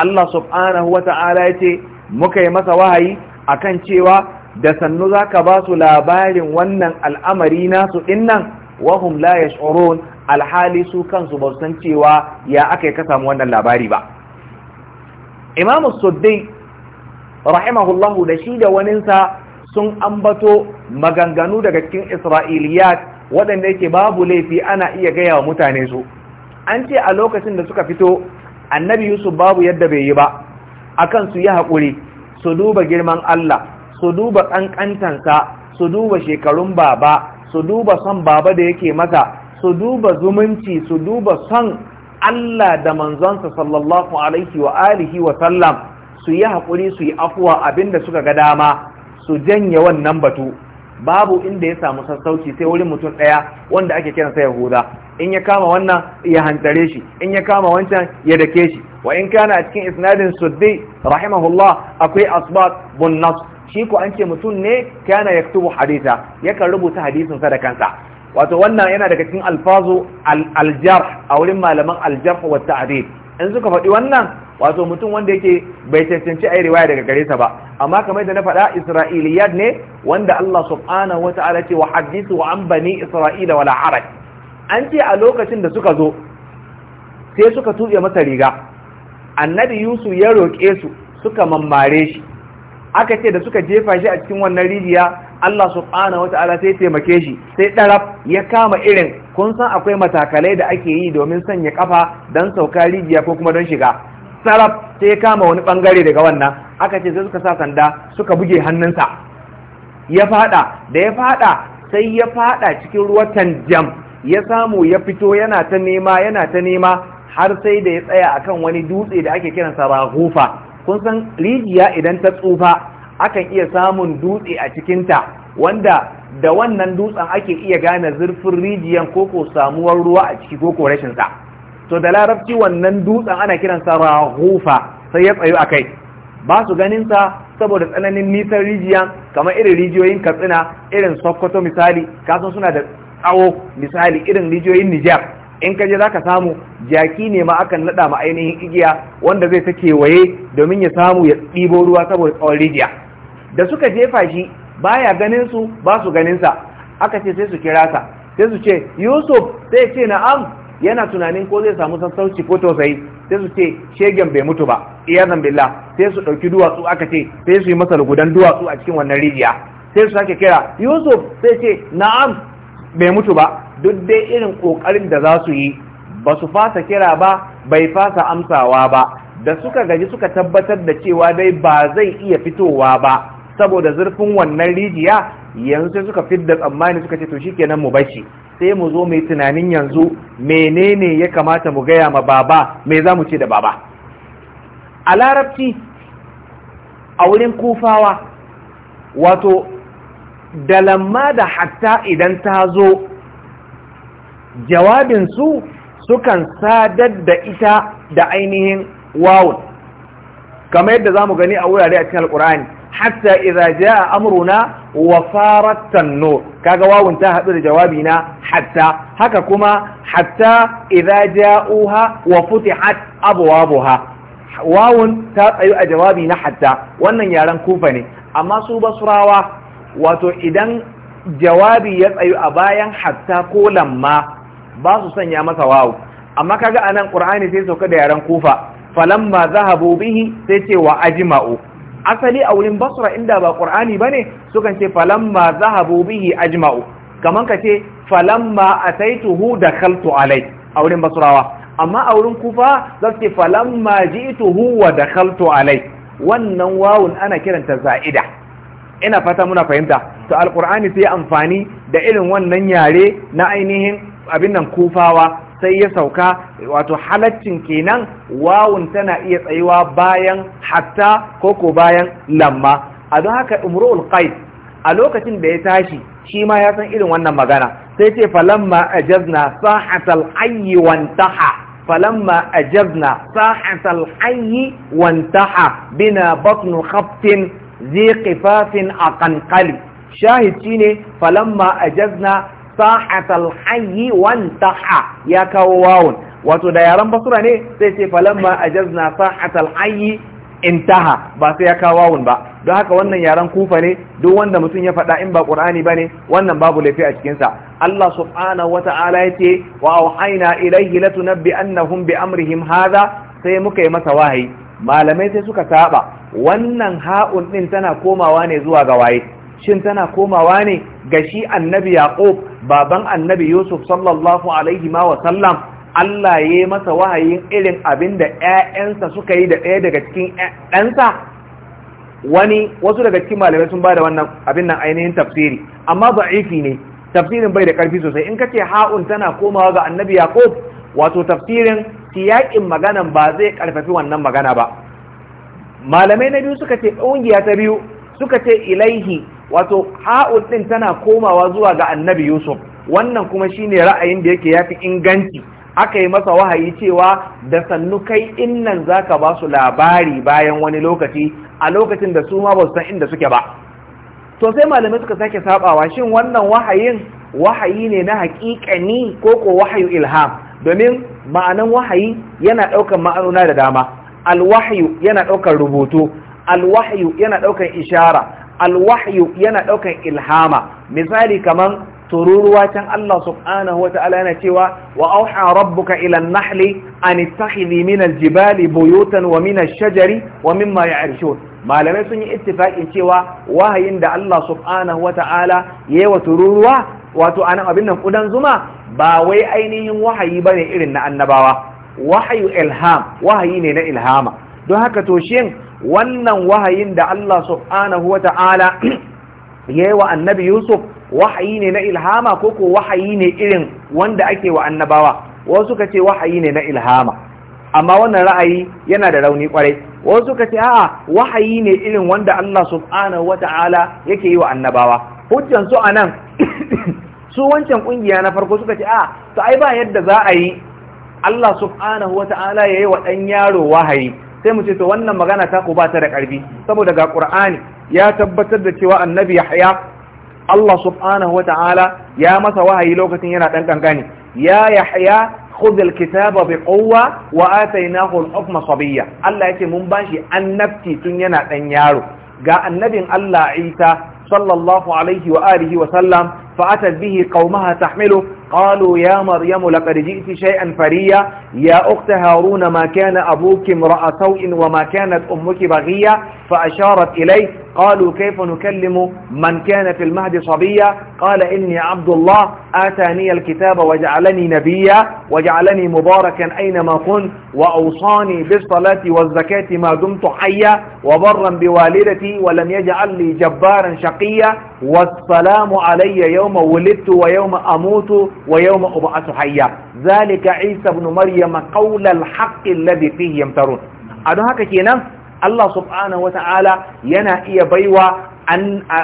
Allah subhanahu wa ta'ala yace muka yi masa wahayi akan cewa da sannu zaka ba su labarin wannan al'amari nasu dinnan wahum hum la yash'urun alhali su kansu ba su san cewa ya aka yi ka samu wannan labari ba imamu suddai rahimahullahu da shi da waninsa sun ambato maganganu daga cikin isra'iliyat waɗanda yake babu laifi ana iya gaya wa mutane su an ce a lokacin da suka fito annabi yusuf babu yadda bai yi ba akan su yi haƙuri su duba girman allah su duba ƙanƙantansa su duba shekarun baba su duba son baba da yake masa su duba zumunci su duba son Allah da manzonsa sallallahu alaihi wa alihi wa sallam su yi haƙuri su yi afuwa abinda suka ga dama su janye wannan batu babu inda ya samu sassauci sai wurin mutum ɗaya wanda ake kiran sa yahuda in ya kama wannan ya hantare shi in ya kama wancan ya dake shi wa in kana a cikin isnadin suddi rahimahullah akwai asbat bun nas shi ko an ce mutum ne kana yaktubu haditha yakan rubuta hadisin sa da kansa wato wannan yana daga cikin alfazu aljar a wurin malaman aljar wa ta'dil in suka faɗi wannan wato mutum wanda yake bai cancanci ai riwaya daga gare sa ba amma kamar da na faɗa isra'iliyat ne wanda Allah subhanahu wa ta'ala ce wa hadithu wa an bani isra'ila wala arab an ce a lokacin da suka zo sai suka tuɗe masa riga annabi yusuf ya roƙe su suka mammare shi aka ce da suka jefa shi a cikin wannan rijiya Allah subhanahu wata'ala sai taimake shi sai ɗaraf ya kama irin kun san akwai matakalai da ake yi domin sanya kafa don sauka rijiya ko kuma don shiga Ɗaraf sai ya kama wani bangare daga wannan aka ce sai suka sa sanda suka buge hannunsa ya faɗa da ya faɗa sai ya faɗa cikin ruwatan jam ya samu ya fito yana ta nema yana ta nema har sai da ya tsaya akan wani dutse da ake kiransa rahufa kun san rijiya idan ta tsufa akan iya samun dutse a cikinta wanda da wannan dutsen ake iya gane zurfin rijiyan koko samuwar ruwa a ciki koko rashinsa to da larabci wannan dutsen ana kiransa rahufa sai ya tsayu a kai ba su ganinsa saboda tsananin nisan rijiya kamar irin rijiyoyin katsina irin sokoto misali kasan suna da tsawo misali irin rijiyoyin nijar in ka je zaka samu jaki ne ma akan naɗa ma ainihin igiya wanda zai ta kewaye domin ya samu ya ɗibo ruwa saboda tsawon rijiya da suka jefa shi baya ganin su ba su ganin sa aka ce sai su kira sa sai su ce yusuf sai ce na'am yana tunanin ko zai samu sassauci ko tausayi sai su ce shegen bai mutu ba iyazan billah sai su ɗauki duwatsu aka ce sai su yi masa lugudan duwatsu a cikin wannan rijiya sai su sake kira yusuf sai ce na'am bai mutu ba duk dai irin ƙoƙarin da za su yi ba su fasa kira ba bai fasa amsawa ba da suka gaji suka tabbatar da cewa dai ba zai iya fitowa ba saboda zurfin wannan rijiya yanzu sai suka da tsammani suka ce to shikenan mu bace sai mu zo mai tunanin yanzu menene ya kamata mu gaya ma baba me za mu ce da baba a larabci a wurin kufawa wato da lamma da hatta idan ta zo jawabinsu sukan sadar da ita da ainihin wawun kamar yadda za mu gani a wurare a cikin alkur'ani hatta idza jaa amruna wa farat tanur kaga wawun ta hadu da jawabi na hatta haka kuma hatta idza jaauha wa futihat abwabuha wawun ta tsayu a jawabi na hatta wannan yaran kufa ne amma su basrawa wato idan jawabi ya tsayu a bayan hatta ko lamma ba su sanya masa wawu amma kaga anan qur'ani sai sauka da yaran kufa falamma zahabu bihi sai ce wa ajma'u asali a wurin basra inda ba qur'ani ne sukan ce falamma zahabu bihi ajma'u kaman ka ce falamma ataituhu kaltu alai a wurin basurawa. amma a wurin kufa za su ce falamma ji'tuhu wa dakhaltu alai wannan wawun ana kiranta za'ida ina fata muna fahimta to alqur'ani sai amfani da irin wannan yare na ainihin abin nan kufawa sai ya sauka wato halaccin kenan wawun tana iya tsayuwa bayan hatta ko ko bayan lamma a don haka umrul qais a lokacin da ya tashi shi ma ya san irin wannan magana sai ce falamma ajazna sahatal hayy wantaha falamma ajazna sahatal hayy wantaha bina batnu khaftin zi a aqanqali shahid shine falamma ajazna saatal hayyi wantaha ya kawo wawun wato da yaran basura ne sai ce falamma ajazna saatal hayyi intaha ba sai ya kawo wawun ba don haka wannan yaran kufa ne duk wanda mutum ya faɗa in ba qur'ani bane wannan babu laifi a cikin sa Allah subhanahu wata'ala yace wa auhayna ilayhi latunabbi annahum bi amrihim hadha sai muka yi masa wahayi malamai sai suka saba wannan ha'un din tana komawa ne zuwa ga waye shin tana komawa ne ga shi annabi yaqub baban annabi yusuf sallallahu alaihi wa sallam Allah ya yi masa wahayin irin abin da ‘ya'yansa suka yi da ɗaya daga cikin ɗansa wani wasu daga cikin malamai sun ba da wannan abin nan ainihin tafsiri amma za'ifi ne tafsirin bai da ƙarfi sosai in kace ha'un tana komawa ga annabi yaqub wato tafsirin siyaƙin maganan ba zai ƙarfafi wannan magana ba malamai na biyu suka ce ƙungiya ta biyu suka ce ilaihi wato ha'ul ɗin tana komawa zuwa ga annabi yusuf wannan kuma shine ra'ayin da yake yafi inganci aka yi masa wahayi cewa da sannu kai innan zaka ba su labari bayan wani lokaci a lokacin da su ma ba su san inda suke ba to sai malamai suka sake sabawa shin wannan wahayin wahayi ne na haƙiƙani ko ko wahayu ilham domin ma'anan wahayi yana ɗaukar ma'anuna da dama alwahyu yana ɗaukar rubutu alwahyu yana ɗaukar ishara alwahyu yana ɗaukan ilhama misali kaman tururuwa can Allah subhanahu wa ta'ala yana cewa wa auha rabbuka ila nahli an ittakhidhi min aljibali buyutan wa min ash-shajari wa mimma ya'rishun malamai sun yi ittifaqin cewa wahayin da Allah subhanahu wa ta'ala yayi wa tururuwa wato anan abin nan kudan zuma ba wai ainihin wahayi bane irin na annabawa wahayu ilham wahayi ne na ilhama don haka to shin wannan wahayin da Allah subhanahu wa ta'ala ya yi wa annabi Yusuf wahayi ne na ilhama ko ko wahayi ne irin wanda ake wa annabawa wasu ka ce wahayi ne na ilhama amma wannan ra'ayi yana da rauni kwarai wasu ka ce a'a wahayi ne irin wanda Allah subhanahu wa ta'ala yake yi wa annabawa hujjan su anan su wancan kungiya na farko suka ce a'a. to ai ba yadda za a yi Allah subhanahu wa ta'ala ya yi wa ɗan yaro wahayi sai mu ce wannan magana ta ku ba ta da ƙarfi saboda ga Qur'ani ya tabbatar da cewa annabi Yahya Allah subhanahu ya masa wahayi lokacin yana dan kankani ya Yahya khudh al-kitaba bi quwwa wa atainahu al-hukma Allah yake mun bashi annabti tun yana ɗan yaro ga annabin Allah Isa sallallahu alaihi wa alihi wa sallam fa atat bihi qaumaha tahmilu قالوا يا مريم لقد جئت شيئا فريا يا أخت هارون ما كان أبوك امرأ سوء وما كانت أمك بغية فأشارت إليه قالوا كيف نكلم من كان في المهد صبيا قال إني عبد الله آتاني الكتاب وجعلني نبيا وجعلني مباركا أينما كنت وأوصاني بالصلاة والزكاة ما دمت حيا وبرا بوالدتي ولم يجعل لي جبارا شقيا والسلام علي يوم ولدت ويوم أموت wa yawma ub'atu hayya zalika isa ibn maryam qawl al-haqq alladhi fihi yamtarun a don haka kenan Allah subhanahu wata'ala yana iya baiwa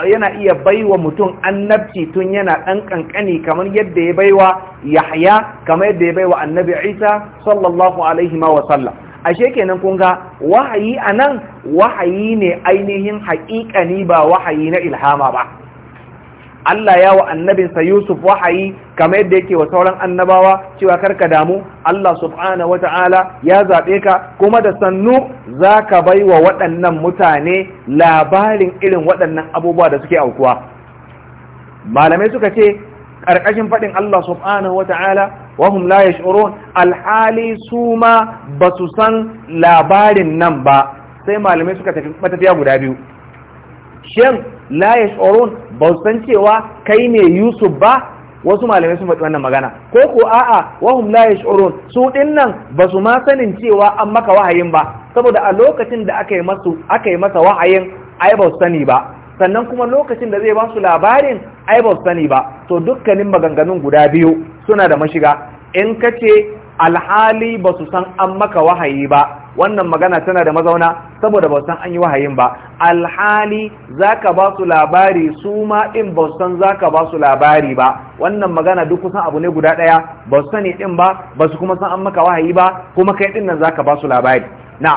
yana iya baiwa mutum annabci tun yana ɗan ƙanƙani kamar yadda ya baiwa Yahya kamar yadda ya baiwa Annabi Isa sallallahu alaihi wa sallam ashe kenan kun ga wahayi anan wahayi ne ainihin haƙiƙani ba wahayi na ilhama ba Allah ya wa annabinsa Yusuf wahayi kamar yadda yake wa sauran annabawa cewa kar ka damu Allah subhanahu ta'ala ya zaɓe ka kuma da sannu za ka bai wa waɗannan mutane labarin irin waɗannan abubuwa da suke aukuwa malamai suka ce ƙarƙashin faɗin Allah subhanahu ta'ala, wahum la yash'urun alhali su ma ba su san labarin nan ba sai malamai suka tafi matafiya guda biyu shin la oron ba su san cewa kai ne Yusuf ba wasu malamai sun faɗi wannan magana ko ko a'a wahum la tsoron su ɗin nan ba su ma sanin cewa an maka wahayin ba saboda a lokacin da aka yi masu aka yi masa wahayin ai ba su sani ba sannan kuma lokacin da zai ba su labarin ai ba su sani ba to dukkanin maganganun guda biyu suna da mashiga in ka ce alhali ba su san an maka wahayi ba wannan magana tana da mazauna saboda ba san an yi wahayin ba alhali zaka ba su labari su ma din ba san zaka ba su labari ba wannan magana duk kusan abu ne guda daya ba su sani din ba ba su kuma san an maka wahayi ba kuma kai din nan zaka ba su labari na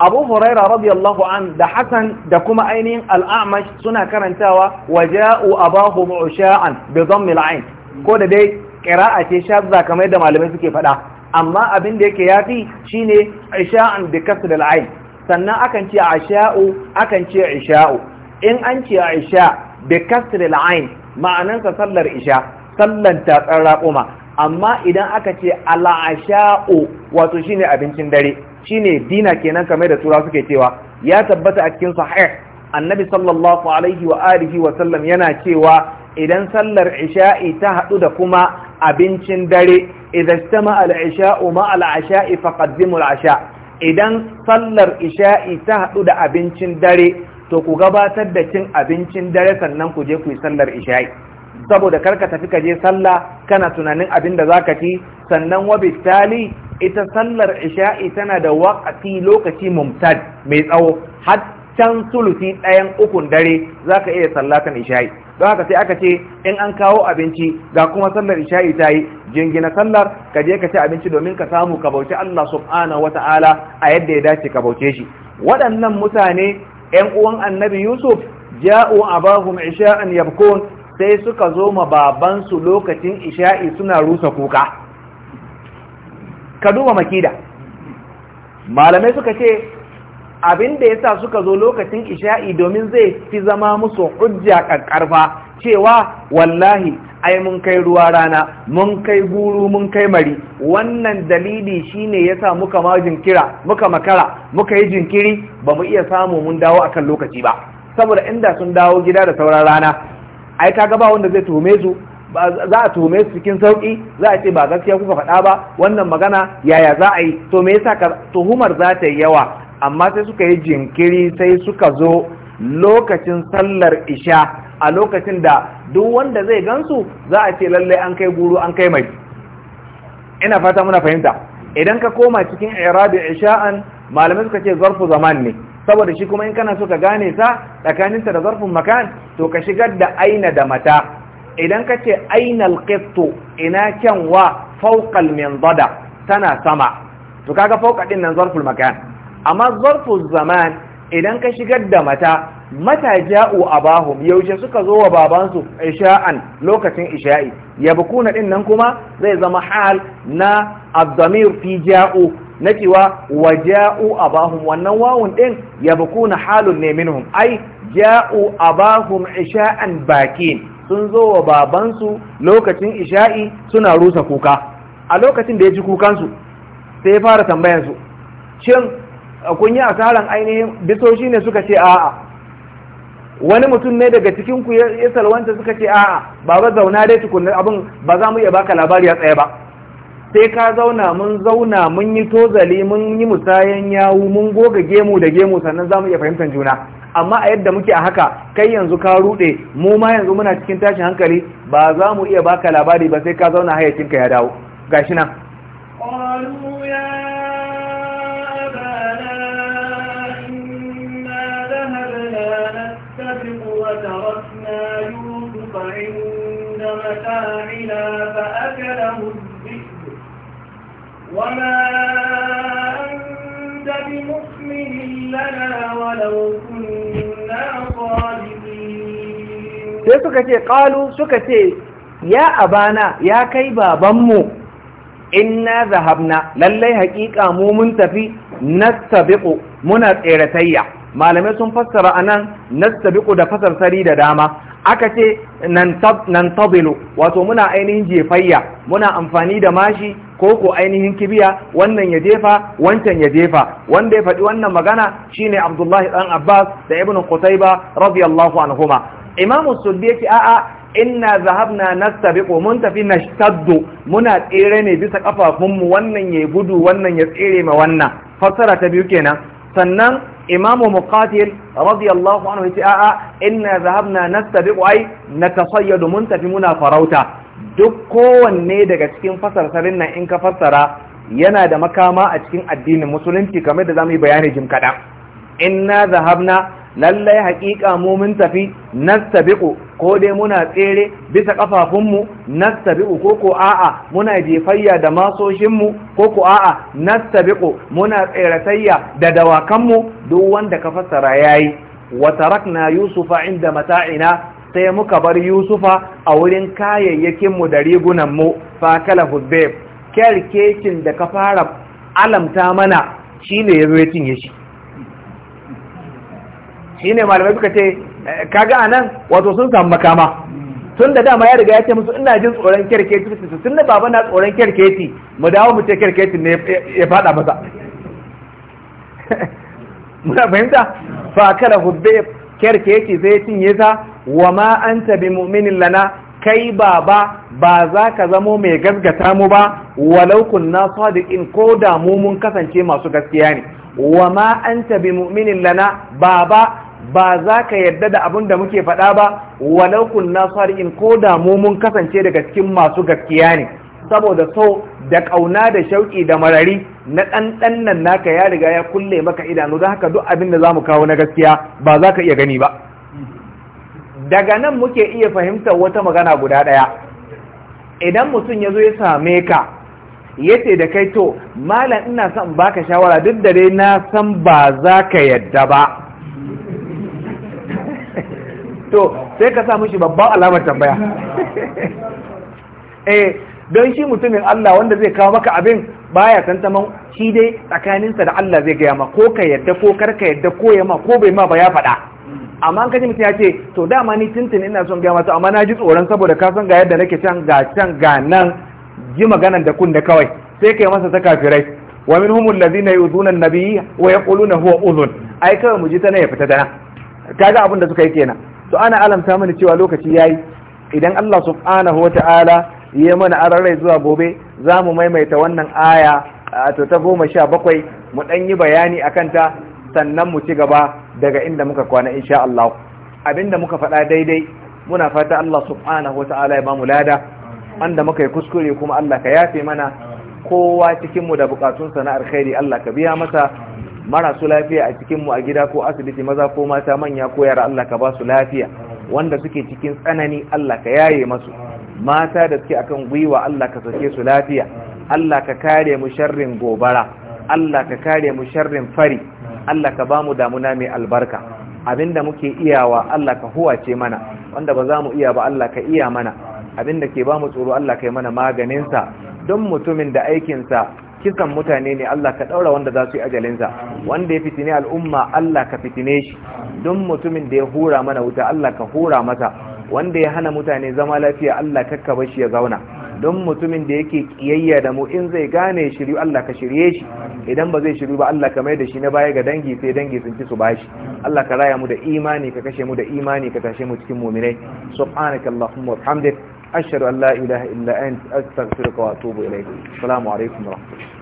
abu huraira radiyallahu an da Hassan da kuma ainihin al'amash suna karantawa waja'u abahu mu'sha'an bi dhammil ayn ko da dai qira'a ce shadda kamar da malamai suke faɗa amma abin da yake yafi shine isha'an bi kasr al sannan akan ce asha'u akan ce isha'u in an ce isha bi kasr al ma'anansa sallar isha sallan tsara kuma, amma idan aka ce al'asha'u wato shine abincin dare shine dina kenan kamar da tura suke cewa ya tabbata a cikin sahih annabi sallallahu alaihi wa alihi wa sallam yana cewa idan sallar isha'i ta hadu da kuma abincin dare idan istama al-isha'u ma al-asha'i faqaddimu al-asha idan sallar isha'i ta hadu da abincin dare to ku gabatar da cin abincin dare sannan ku je ku yi sallar isha'i saboda karka tafi ka je sallah kana tunanin abin da zaka ci sannan wa bitali ita sallar isha'i tana da waqti lokaci mumtad mai tsawo har can sulusi ɗayan ukun dare zaka iya sallatan isha'i don haka sai aka ce in an kawo abinci ga kuma sallar isha'i ta yi jingina sallar ka je ka ci abinci domin ka samu ka bauci Allah subhanahu wata'ala a yadda ya dace ka bauce shi waɗannan mutane 'yan uwan annabi yusuf ja'u abahum isha'an yabkun sai suka zo ma babansu lokacin isha'i suna rusa kuka ka duba makida malamai suka ce abinda yasa suka zo lokacin isha'i domin zai fi zama musu hujja kakkarfa cewa wallahi ai mun kai ruwa rana mun kai guru mun kai mari wannan dalili shine yasa muka ma jinkira muka makara muka yi jinkiri ba mu iya samu mun dawo akan lokaci ba saboda inda sun dawo gida da sauran rana ai kaga ba wanda zai tuhume su za a tuhume su cikin sauki za a ce ba gaskiya kuka faɗa ba wannan magana yaya za a yi to me yasa ka tuhumar za ta yi yawa amma sai suka yi jinkiri sai suka zo lokacin sallar isha a lokacin da duk wanda zai gansu za a ce lallai an kai guru an kai mai ina fata muna fahimta idan ka koma cikin irabi isha'an malamai suka ce zarfu zaman ne saboda shi kuma in kana so ka gane sa tsakaninsa da zarfin makan to ka shigar da aina da mata idan ka ce aina alqittu ina kyanwa fawqal minzada tana sama to kaga fawqa din nan zarful makan amma zarful zaman idan ka shigar da mata mata ja'u abahum yaushe suka zo wa babansu isha'an lokacin isha'i yabkuna din nan kuma zai zama hal na ad na cewa Wajau abahum wannan wawun din yabkuna halun ne minhum ai ja'u abahum isha'an bakin sun zo wa babansu lokacin isha'i suna rusa kuka a lokacin da ya ji kukansu sai ya fara tambayansu shin kun yi asaran ainihin bisoshi ne suka ce a'a wani mutum ne daga cikinku ya salwanta suka ce a'a baba zauna dai tukunna abin ba za mu iya baka labari ya tsaye ba sai ka zauna mun zauna mun yi tozali mun yi musayen yawu mun goga gemu da gemu sannan za mu iya fahimtar juna amma a yadda muke a haka kai yanzu ka rude mu ma yanzu muna cikin tashin hankali ba za mu iya baka labari ba sai ka zauna hayyacinka ya dawo gashi nan ba a فأكله وما أنت بمؤمن لنا ولو كنا صادقين sai suka ce ƙalu suka ce ya abana ya kai babanmu inna zahabna lallai haƙiƙa mu mun tafi nastabiqu muna tseratayya malamai sun fassara anan nastabiqu da fasarsari da dama aka ce nan tabilu wato muna ainihin jefayya muna amfani da mashi ko ko ainihin kibiya wannan ya jefa wancan ya jefa wanda ya faɗi wannan magana shine Abdullahi dan Abbas da Ibn Qutayba radiyallahu anhuma Imam Suddi yake a'a inna zahabna nastabiqu mun tafi nashtaddu muna tsere ne bisa kafafunmu wannan ya gudu wannan ya tsere ma wannan fassara ta biyu kenan sannan imamu muqatil radiyallahu anhu yace a'a inna zahabna nastabiqu ai natasayyadu mun tafi muna farauta duk kowanne daga cikin fasarsarin nan in ka fassara yana da makama a cikin addinin musulunci kamar da zamu yi bayani jim kaɗan na zahabna lallai haƙiƙa mu mun tafi nastabiqu ko dai muna tsere bisa ƙafafunmu nastabiqu ko ko a'a muna jefayya da masoshinmu ko ko a'a nastabiqu muna tseratayya da dawakanmu duk wanda ka fassara yayi wa tarakna yusufa inda mata'ina sai muka bar yusufa a wurin kayayyakinmu da rigunanmu fakala hudbeb kyarkekin da ka fara alamta mana shi ne ya zo ya cinye shi shi ne malamai suka ce eh, kaga a nan wato sun samu makama tun da dama ya riga ya ce musu ina jin tsoron kyarkeci su tun da baba na tsoron kyarkeci mu dawo mu ce kyarkeci ne ya fada masa muna fahimta fa kala hudbeb kyarkeci sai ya cinye sa wa ma anta bi mu'minin lana kai baba ba za ka zamo mai gasgata mu ba walau kunna sadiqin ko da mu mun kasance masu gaskiya ne wa ma anta bi mu'minin lana baba ba za ka yarda da abin da muke faɗa ba walau kunna sadiqin ko da mu mun kasance daga cikin masu gaskiya ne saboda so da kauna da shauƙi da marari na ɗanɗan nan naka ya riga ya kulle maka idanu don haka duk abin da za kawo na gaskiya ba za ka iya gani ba daga nan muke iya fahimtar wata magana guda ɗaya idan mutum ya zo ya same ka ya ce da kai to malam ina son baka shawara duk da dai na san ba za ka yadda ba to sai ka sa shi babban alamar tambaya eh don shi mutumin Allah wanda zai kawo maka abin baya tantaman shi dai tsakaninsa da Allah zai gaya ma ko ka yadda ko karka yadda ko ya ma ko bai ma ba ya faɗa amma an kaji mutum ya ce to dama ni tuntun ina son gaya masu amma na ji tsoron saboda ka san ga yadda nake can ga can ga nan ji maganan da kun da kawai sai kai masa ta kafirai wa min humul ladina yuzuna nabiyyi wa yaquluna huwa uzun ai kawai mu ji ta ne ya fita dana kaga abin da suka yi kenan to ana alamta mana cewa lokaci yayi idan Allah subhanahu wata'ala ya mana ararai zuwa gobe za mu maimaita wannan aya to ta goma sha bakwai mu ɗan yi bayani a kanta sannan mu ci gaba daga inda muka kwana insha Allah abinda muka faɗa daidai muna fata Allah subhanahu wa ta'ala ya bamu lada wanda muka yi kuskure kuma Allah ka yafe mana kowa cikin mu da bukatun na alkhairi Allah ka biya masa marasu lafiya a cikin mu a gida ko asibiti maza ko mata manya ko yara Allah ka ba su lafiya wanda suke cikin tsanani Allah ka yaye masu mata da suke akan gwiwa Allah ka sake su lafiya Allah ka kare mu sharrin gobara Allah ka kare mu sharrin fari Allah ka bamu damuna mai albarka abinda muke iyawa Allah ka huwace mana wanda ba za mu iya ba Allah ka iya mana abinda ke bamu tsoro Allah ka yi mana maganinsa don mutumin da aikinsa kisan mutane ne Allah ka ɗaura wanda za su yi ajalinsa wanda ya fitine al'umma Allah ka fitine shi don mutumin da ya hura mana wuta Allah ka hura mata wanda ya hana mutane zama lafiya Allah kakka shi ya zauna don mutumin da yake kiyayya da mu in zai gane shiryu Allah ka shirye shi idan ba zai shiryu ba Allah ka mai da shi na baya ga dangi sai dangi sun ci su bashi Allah ka raya mu da imani ka kashe mu da imani ka tashe mu cikin mu'minai subhanaka wa ashhadu an la ilaha illa anta astaghfiruka wa atubu ilayk assalamu alaikum wa